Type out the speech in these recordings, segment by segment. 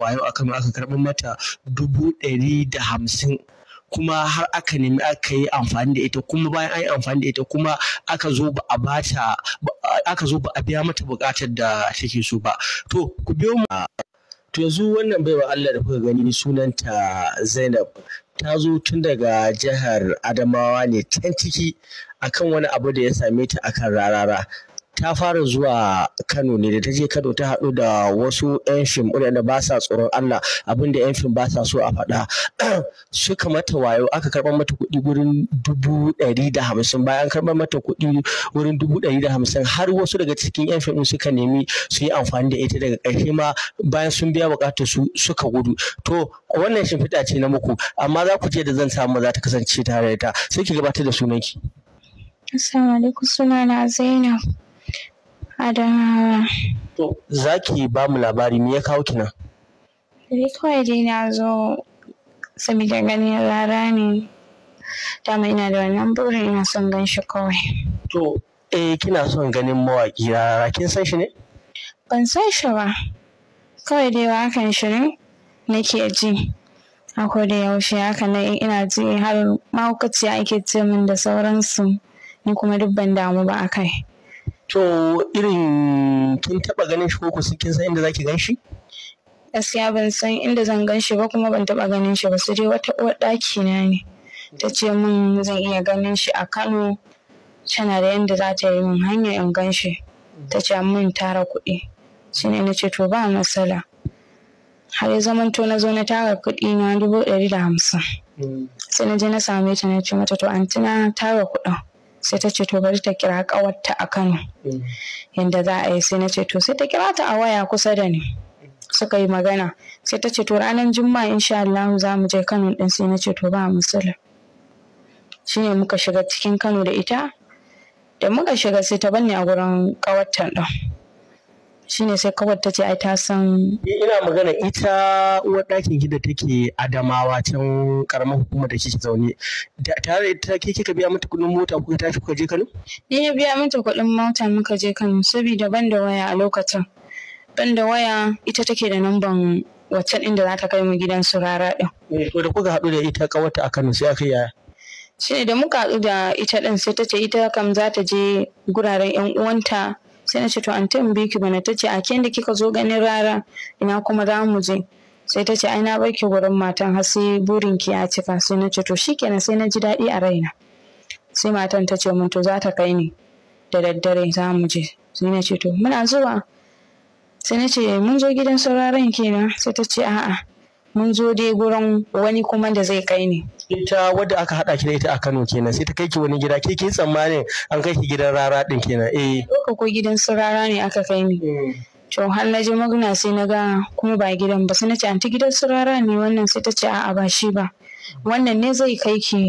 wayo a Kano aka karɓar mata dubu ɗari da hamsin kuma har aka nemi aka yi amfani da ita kuma bayan an yi amfani da ita kuma aka zo ba a biya mata buƙatar da take so ba to ku biyo mu to yanzu wannan baiwa Allah da kuka gani sunanta Zainab ta zo tun daga jihar Adamawa ne can ciki akan wani abu da ya same ta akan rarara ta fara zuwa Kano ne da ta je Kano ta haɗu da wasu 'yan fim waɗanda ba sa tsoron Allah abin da 'yan fim ba sa so a faɗa suka mata wayo aka karɓar mata kuɗi wurin dubu ɗari da hamsin bayan karɓar mata kuɗi wurin dubu ɗari da hamsin har wasu daga cikin 'yan fim suka nemi su yi amfani da ita daga ƙarshe ma bayan sun biya buƙatar su suka gudu to wannan shimfiɗa ce na muku amma za ku je da zan samu za ta kasance tare da ta sai ki gabatar da sunanki. Assalamu alaikum na Zainab. Adamawa. To, za ki ba mu labari me ya kawo ki nan? Ni kawai dai na zo saboda ganin rara ne. Dama ina da wannan burin ina son gan shi kawai. To, eh kina son ganin mawaƙi rara kin san shi ne? Ban san shi ba. Kawai dai wakan shirin nake ji. A da yaushe haka na ina ji har mahaukaciya ake ce min da sauransu. Ni kuma dubban damu ba a kai. To irin kin taɓa ganin shi ko kin san inda zaki ganshi? Gaskiya ban san inda zan ganshi ba kuma ban taba ganin shi ba sai dai wata uwar ɗaki na ne. Ta ce min zan iya ganin shi a Kano tana da yanda za ta yi min hanya in ganshi. Ta ce min tara kuɗi. Shi na ce to ba matsala. har ya zaman to na zo na tara kuɗi na dubu ɗari da hamsin. Mm. Sai na je na same ta na ce mata to an tara kuɗin. sai ta ce to bari ta kira kawarta a Kano yanda za a yi sai na ce to sai ta kira ta a waya kusa da ni suka yi magana sai ta ce to ranar juma'a insha Allah za mu je Kano din sai na ce to ba Shi shine muka shiga cikin Kano da ita da muka shiga sai ta banne a gurin kawarta din Shi ne sai kawai ta ce ai ta san ina magana ita uwar ɗakin ki da take adamawa can karamar hukumar da kike zaune tare da ke kika biya mata kuɗin mota kuka tashi kuka je Kano eh, ni biya mata kuɗin mota muka je Kano saboda ban da waya a lokacin ban da waya ita take da namban waccan inda za ta kai mu gidan su rara ɗin. Eh, to da kuka haɗu da ita kawata a Kano sai aka yi Shi da muka haɗu da ita ɗin sai ta ce ita kam za ta je guraren 'yan uwanta sai na ce to an ta ki bana ta ce a kin da kika zo ganin rara ina kuma za mu je sai ta ce ai na barki wurin matan har sai burin ki ya cika sai na ce to shikenan sai na ji daɗi a raina sai matan ta ce mun to za ta kai ni da daddare za mu je sai na ce to muna zuwa sai na ce mun zo gidan sauraron kenan sai ta ce a'a mun zo dai gurin wani kuma da zai kai ni ita wadda aka hada ki da ita a Kano kenan sai ta kai ki wani gida ke ki tsammanin an kai ki gidan rara din kenan eh ko gidan su rara ne aka kai ni hmm. to har na je magana sai na ga kuma ba gidan ba sai na ce anti gidan su rara ne wannan sai ta ce a'a ba shi ba wannan ne zai kai ki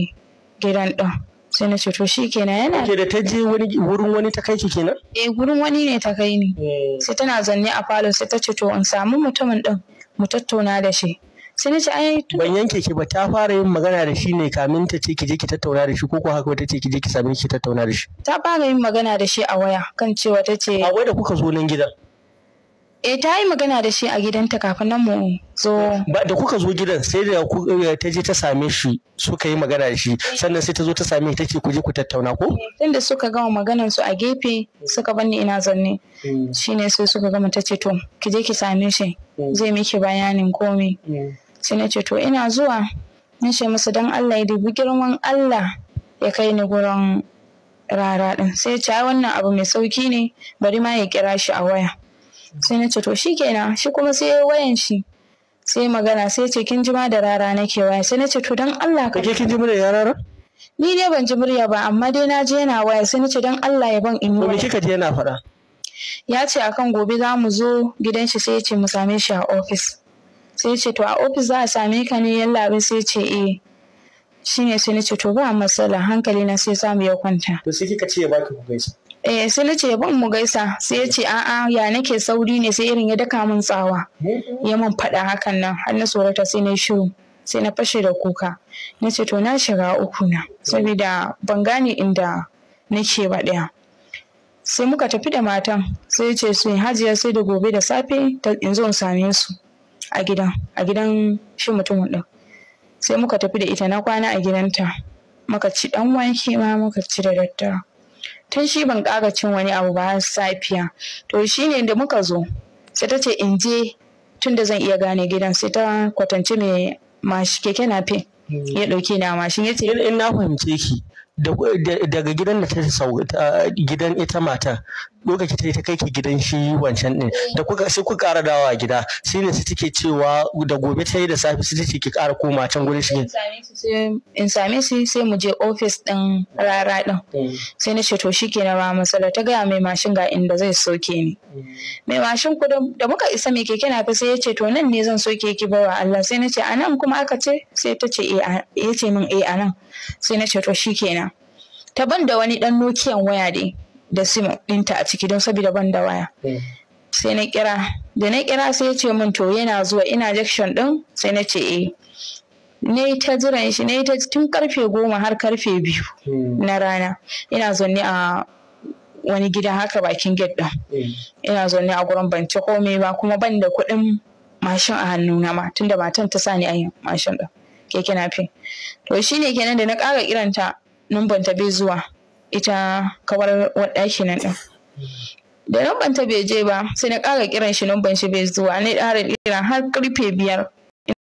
gidan din sai na ce to shi kenan yana ke da ta je wani wurin wani ta kai ki kenan eh gurin wani ne ta kai ni hmm. sai tana zanne a falo sai ta ce to in samu mutumin din mu tattauna da shi sai na ce ai ban yanke ki ba ta fara yin magana da shi ne kamin ta ce ki je ki tattauna da shi ko ko haka ta ce ki je ki same shi tattauna da shi ta fara yin magana da shi a waya kan cewa ta ce a waya da kuka zo nan gidan eh ta yi magana da shi a gidanta kafin nan mu zo ba da kuka zo gidan sai da eh, ta je ta same shi suka yi magana da shi sannan sai ta zo ta same ta ce ku je ku tattauna ko eh, tunda suka gama maganan su a gefe mm. suka bani ina zanne mm. shine sai suka gama ta ce to ki je ki same shi mm. zai miki bayanin komai sai na ce to ina zuwa na ce masa don Allah ya dubi girman Allah ya kai ni gurin rara din sai ce wannan abu mai sauki ne bari ma ya kira shi a waya sai na ce to kenan shi kuma sai ya wayan shi sai magana sai ce kin jima da rara nake waya sai na ce to don Allah ka je kin jima da rara ni dai ban ji murya ba amma dai na je yana waya sai na ce don Allah ya ban in yi waya. kika je yana faɗa? Ya ce akan gobe za mu zo gidan shi sai ya ce mu same shi a ofis. sai ce to a ofis za a same ka ne yallaɓe sai ce eh ne. sai na to ba matsala hankali na sai samu ya kwanta to sai kika ce ya baka ku gaisa eh sai nace ce ban mu gaisa sai ya ce a'a ya nake sauri ne sai irin ya daka min tsawa ya man faɗa hakan nan har na sorata sai na shiru sai na fashe da kuka na to na shiga uku na saboda ban gane inda nake ba ɗaya sai muka tafi da matan sai ya ce su hajiya sai da gobe da safe in zo in same su a gidan a gidan shi mutumin ɗin sai muka tafi da ita na kwana a gidanta muka ci ɗan ma muka ci da daddare tun shi ban ƙara cin wani abu ba har safiya to shine da muka zo sai ta ce in je tun da zan iya gane gidan sai ta kwatance mai mashi keke na fe ya ɗauki na mashin ya ce in na fahimce ki daga gidan da ta gidan ita mata lokaci ta ta kai ki gidan shi wancan din eh. da kuka sai kuka ƙara dawowa gida sai ne su take cewa da gobe ta yi da safe su take ki ƙara koma can gurin shi in same shi sai mu je ofis din rara din mm. sai na ce to shi ke ba matsala ta gaya mai mashin ga inda zai soke ni mm. mai mashin ku da muka isa mai keke na fi sai ya ce to nan ne zan soke ki bawa Allah sai na ce a nan kuma aka ce sai ta ce eh ya ce min eh nan sai na ce to shi na. ta ban da wani dan nokiyan waya dai da sim ɗinta a ciki don saboda ban da waya mm. sai na kira da na kira sai ya ce min to yana zuwa ina jakshan ɗin sai na ce eh ne ta jiran shi ne ta tun karfe goma har karfe biyu mm. na rana ina zaune a wani gida haka bakin gate din mm. ina zaune a gurin ban ci komai ba kuma ban da kuɗin mashin a na ma tunda matan ta sani a mashin din keke na fi to shine kenan da na ƙara kiranta numban ta bai zuwa ita kawar ɗaki na ɗin. Da lamban ta bai je ba sai na ƙara kiran shi lamban shi bai zuwa ne ƙara kiran har karfe biyar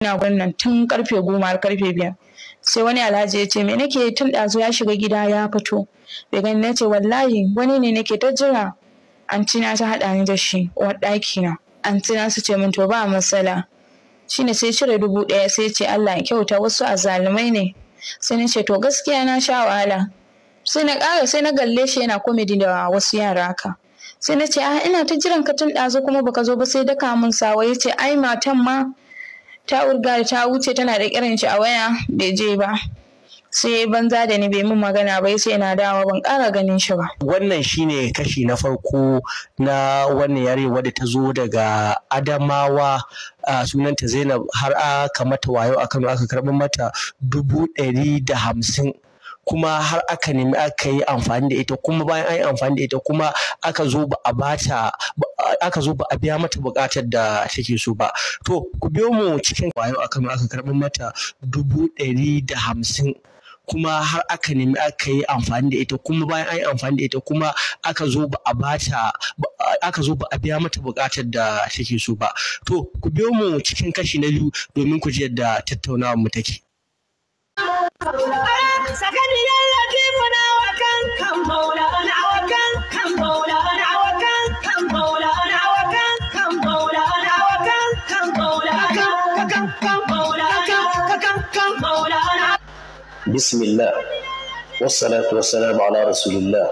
ina gwannan tun karfe goma har karfe biyar. Sai wani alhaji ya ce me nake tun ɗazu ya shiga gida ya fito. Bai gani na ce wallahi wani ne nake ta jira. Antina ta haɗa ni da shi uwar ɗaki na. Antina su ce min to ba matsala. shine sai cire dubu ɗaya sai ce Allah ya kyauta wasu azalumai ne sai na ce to gaskiya na sha wahala sai na ƙara sai na galle shi yana komedi da wasu yara haka sai na ce a ah, ina ta jiran ka tun ɗazu kuma baka zo ba sai daka mun sawa ya ce ai matan ma ta urga da ta wuce tana da kiran shi a waya bai je ba sai banza da ni bai mun magana ba sai na dawo ban ƙara ganin shi ba wannan shine kashi na farko na wannan yare wadda ta zo daga adamawa a sunanta zainab har aka mata wayo a kano aka karɓi mata dubu ɗari da hamsin kuma har aka nemi aka yi amfani da ita kuma bayan an yi amfani da ita kuma aka zo ba a bata aka zo ba a biya mata buƙatar da take so ba to ku biyo mu cikin kwayo mu aka karɓi mata dubu ɗari da hamsin kuma har aka nemi aka yi amfani da ita kuma bayan an yi amfani da ita kuma aka zo ba a bata aka zo ba a biya mata buƙatar da take so ba to ku biyo mu cikin kashi na biyu domin ku ji yadda tattaunawa mu take bismillah wassalatu wassalamu ala rasulillah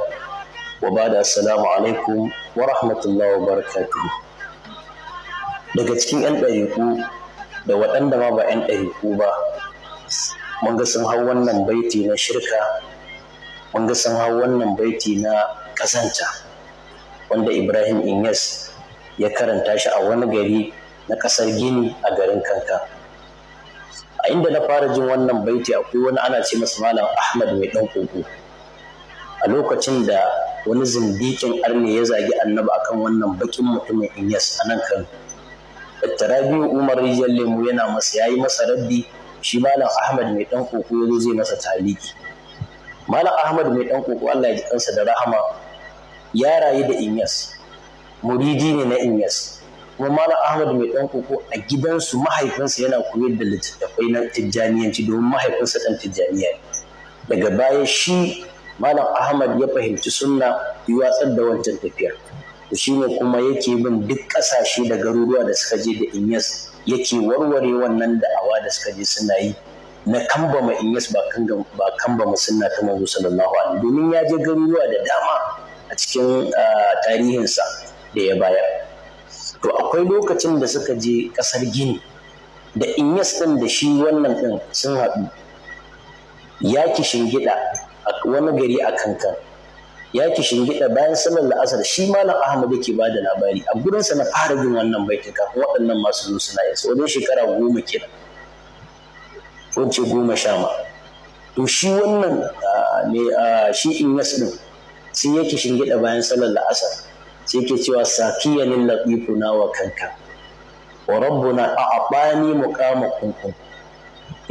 wa bada alaikum wa rahmatullahi wa barakatuhu daga cikin 'yan ɗariku da waɗanda ma ba 'yan ɗariku ba mun ga sun hau wannan baiti na shirka mun ga sun hau wannan baiti na ƙasanta wanda ibrahim inyas ya karanta shi a wani gari na ƙasar gini a garin kanka a inda na fara jin wannan baiti akwai wani ana ce masa malam ahmad mai ɗan kogo a lokacin da wani zindikin arne ya zagi annabi akan wannan bakin mutumin inyas a nan kano Dr. Rabiu Umar Rijal Lemu yana masa yayi masa rabbi. shi malam ahmad mai dan koko yazo zai masa taliki malam ahmad mai dan koko Allah ya ji kansa da rahama ya rayu da inyas muridi ne na inyas kuma malam ahmad mai dan koko a gidansu mahaifinsa yana koyar da littattafai na tijjaniyanci domin mahaifinsa dan tijjaniya daga baya shi malam ahmad ya fahimci sunna yi watsar da wancan tafiyar shi ne kuma yake bin duk ƙasashe da garuruwa da suka je da inyas yake warware wannan da'awa da suka je suna yi na kambama yas ba kambama sunna ta manzo sallallahu alaihi domin ya je garuruwa da dama a cikin tarihinsa da ya bayar to akwai lokacin da suka je kasar gini da inyas din da shi wannan din sun haɗu ya ki shingida wani gari a kankan ya shingida bayan salon la'asar shi malam ahmad yake ba da labari a gurinsa na fara jin wannan baiti kafin waɗannan masu zo suna yasa shekara goma kenan wance goma sha ma to shi wannan ne shi inyas din sai yake shingida bayan sallar la'asar sai yake cewa sakiya lil latifuna wa kanka wa rabbuna a'abani muqama kunkum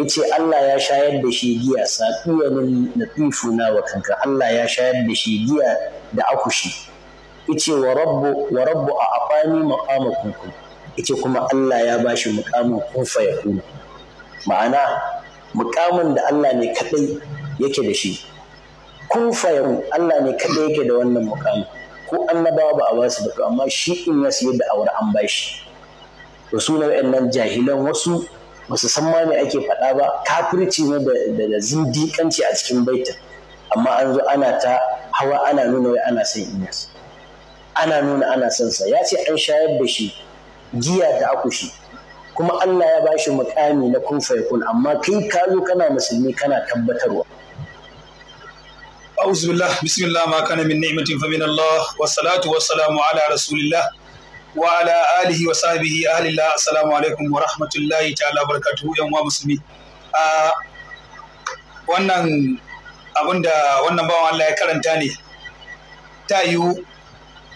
yace Allah ya shayar da shi giya na latifuna wa kanka Allah ya shayar da shi giya da akushi yace wa rabbu wa rabbu a afani maqamakum yace kuma Allah ya bashi muqamin kufa ya kuma ma'ana muqamin da Allah ne kadai yake da shi kufa ya Allah ne kadai yake da wannan muqamin ko annabawa ba a basu ba to amma shi in ya siyar da aure an bashi to sunan nan jahilan wasu ba su san ma me ake faɗa ba kafirci ne da zindiƙanci a cikin baitin amma an zo ana ta hawa ana nuna wai ana son inyas ana nuna ana son sa ya ce an shayar da shi giya da akushi kuma Allah ya bashi mukami na kun amma kai ka zo kana musulmi kana tabbatarwa أعوذ بالله بسم الله ما كان من نعمة فمن الله والصلاة والسلام على رسول الله وعلى آله وصحبه أهل الله السلام عليكم ورحمة الله تعالى وبركاته يوم wannan abin da wannan bawan Allah ya karanta ne ta yiwu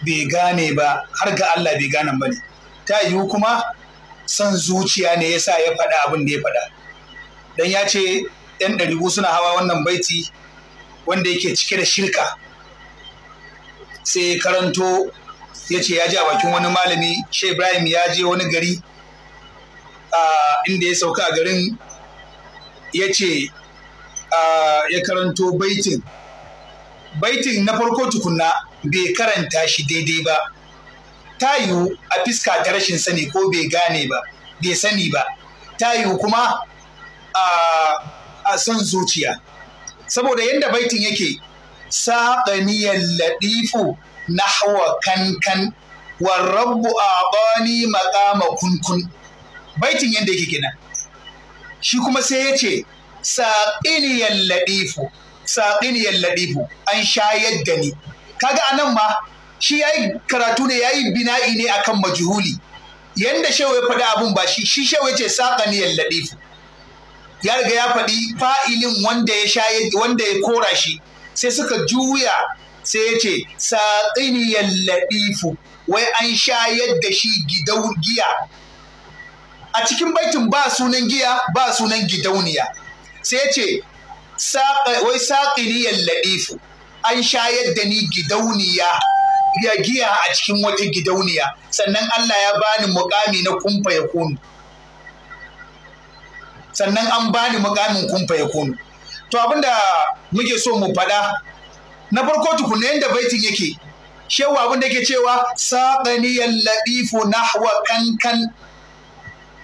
bai gane ba har ga Allah bai gane ba ne ta yiwu kuma son zuciya ne yasa ya faɗa abin da ya faɗa dan ya ce yan ɗaribu suna hawa wannan baiti wanda yake cike da shirka sai karanto ya ce ya ji a bakin wani malami shi ibrahim ya je wani gari inda ya sauka a garin ya ce ya karanto baitin baitin na farko tukunna bai karanta shi daidai ba ta yiwu a fiska ta rashin sani ko bai gane ba bai sani ba ta yiwu kuma a son zuciya saboda yadda baitin yake saƙaniyar ladifu nahwa kankan wa rabbu a'tani makama kunkun baitin yadda yake kenan shi kuma sai ya ce saƙiniyar laɗifu saƙiniyar laɗifu an shayar da ni kaga a nan ma shi ya yi karatu ne ya yi bina'i ne akan majuhuli yadda shewa ya faɗi abun ba shi shi shewa ce saƙaniyar laɗifu ya riga ya faɗi fa'ilin wanda ya kora shi sai suka juya sai ya ce saƙiniyar laɗifu wai an shayar da shi gidaun giya a cikin baitin ba sunan giya ba sunan gidauniya sai ya ce wai saƙiniyar laɗifu an shayar da ni gidauniya ya giya a cikin wata gidauniya sannan Allah ya bani mukami na kumfa ya kunu sannan an bani mukamin kumfa ya kunu to abinda muke so mu faɗa na farko tukunna yadda baitin yake shewa abin da yake cewa saƙani yallaɗifu nahwa kankan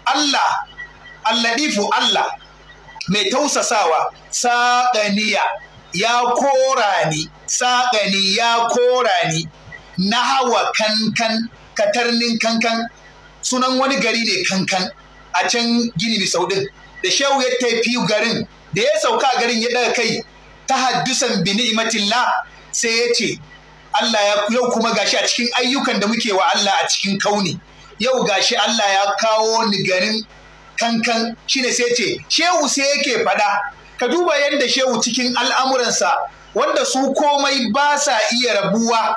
Allah allaɗifu Allah mai tausasawa saƙaniya ya kora ni saƙani ya kora ni nahawa kankan katarnin kankan sunan wani gari ne kankan a can gini bisaudin da shehu ya tafi garin da ya sauka garin ya ɗaga kai tahaddusan bi ni'matillah sai ya ce Allah yau kuma gashi a cikin ayyukan da muke wa Allah a cikin kauni yau gashi Allah ya kawo ni garin kankan shine sai ce shehu sai yake fada ka duba yadda shehu cikin al'amuransa wanda su komai ba sa iya rabuwa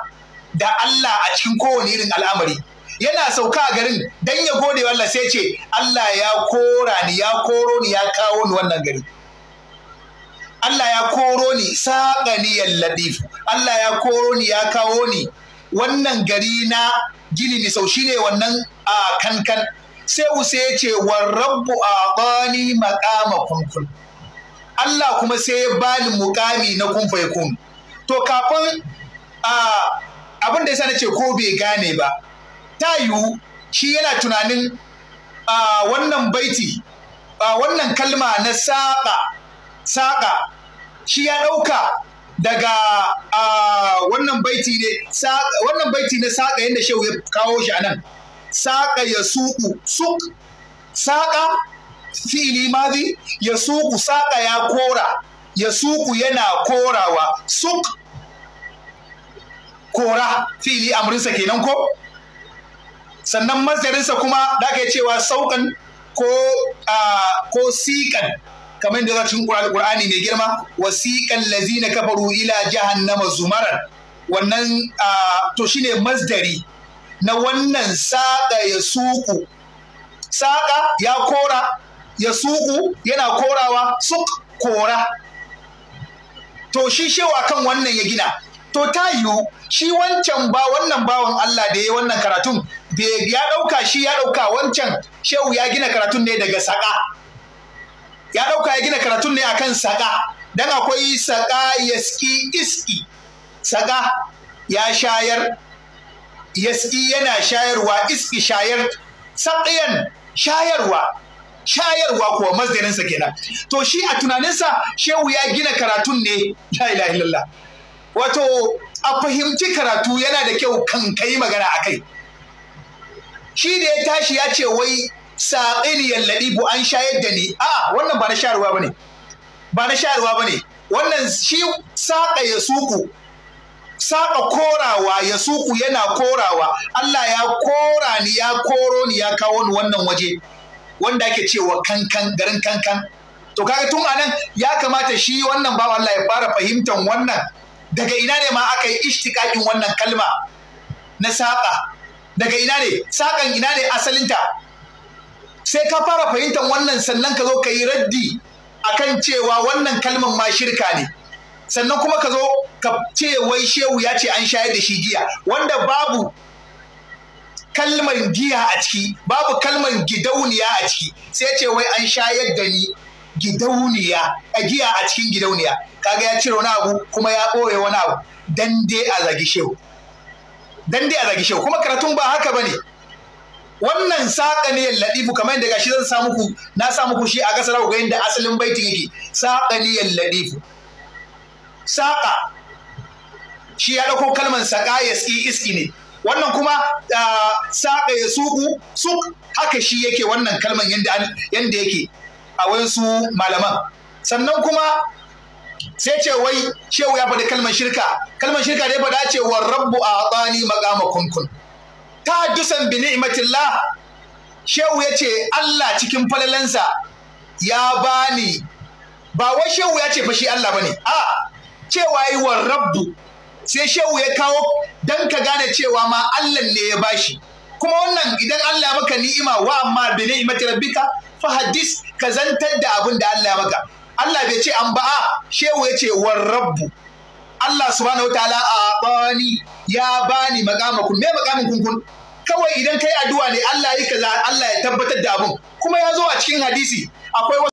da Allah a cikin kowane irin al'amari yana sauka a garin dan ya gode wa Allah sai ce Allah ya kora ni ya koro ni ya kawo ni wannan gari Allah ya koro ni saƙani yalladif Allah ya koro ni ya kawo ni wannan gari na gini ni sau ne wannan a kankan sai Usa ya ce wa rabbu bani maqama kunkun Allah kuma sai ya bani mukami na kunfa ya kun to kafin abinda abin da yasa nace ko bai gane ba ta yiwu shi yana tunanin wannan baiti wannan kalma na saƙa saƙa shi ya ɗauka daga wannan baiti ne wannan baiti ne saƙa yadda shehu ya kawo shi a nan saƙa ya suƙu suk saƙa fi'ili mazi ya suƙu saƙa ya kora ya suƙu yana korawa suk kora fi'ili amrinsa kenan ko sannan masjarinsa kuma da ke cewa sauƙan ko ko siƙan kamar da cikin Qur'ani mai girma wasiqal na kafaru ila jahannama zumaran wannan to shine masdari na wannan saƙa ya suku saƙa ya kora ya suku yana korawa suk kora to shi shewa kan wannan ya gina to ta yiwu shi wancan ba wannan bawan Allah da ya wannan karatun ya ɗauka shi ya ɗauka wancan shehu ya gina karatun ne daga saƙa ya ɗauka ya gina karatun ne akan saƙa dan akwai saƙa yaski iski saƙa ya shayar yaski yana shayarwa iski shayar saƙiyan shayarwa shayarwa kuwa mazdaninsa kenan to shi a tunaninsa shehu ya gina karatun ne la ilaha illallah wato a fahimci karatu yana da kyau kan kai magana akai shi da ya tashi ya ce wai saƙili yallaɗi bu an shayar da ni a wannan ba na sharuwa ba ne ba na sharuwa ba ne wannan shi saƙa ya suku saƙa korawa ya suku yana korawa Allah ya kora ni ya koro ni ya kawo ni wannan waje wanda ake cewa kankan garin kankan to kaga tun anan ya kamata shi wannan bawa Allah ya fara fahimtar wannan daga ina ne ma aka yi ishtiƙaƙin wannan kalma na saƙa daga ina ne saƙan ina ne asalinta sai ka fara fahimtar wannan sannan ka zo ka yi raddi akan cewa wannan kalmar ma shirka ne sannan kuma ka zo ka ce wai shehu ya ce an shayar da shi giya wanda babu kalmar giya a ciki babu kalmar gidauniya a ciki sai ce wai an shayar da ni gidauniya a giya a cikin gidauniya kaga ya cire wani abu kuma ya ɓoye wani abu dan a zagi shehu dan a zagi shehu kuma karatun ba haka bane wannan saƙa ne ladifu kamar yadda gashi zan sa muku na sa muku shi a gasar ga yadda asalin baitin yake saƙa ne ladifu saƙa shi ya ɗauko kalmar saƙa ya tsi iski ne wannan kuma ah, saƙa ya suku suk haka shi yake wannan kalmar yadda yake a wasu malaman sannan kuma sai ce wai shehu ya faɗi kalmar shirka kalmar shirka dai faɗa ce wa rabbu a tsani maƙama kunkun Ta dusan bi ni'matillah shehu ya ce Allah cikin falalansa ya bani ba wai shehu ya ce fa shi Allah bane a cewa yi wa rabbu sai shehu ya kawo dan ka gane cewa ma Allah ne ya bashi kuma wannan idan Allah maka ni'ima wa amma bi ni'mati rabbika fa hadis ka zantar da abinda da Allah maka Allah bai ce an ba'a shehu ya ce rabbu Allah subhanahu wataala a bani ya bani kun, me maqamin kun kawai idan kai addu'a ne Allah ya Allah ya tabbatar da abun kuma ya zo a cikin hadisi akwai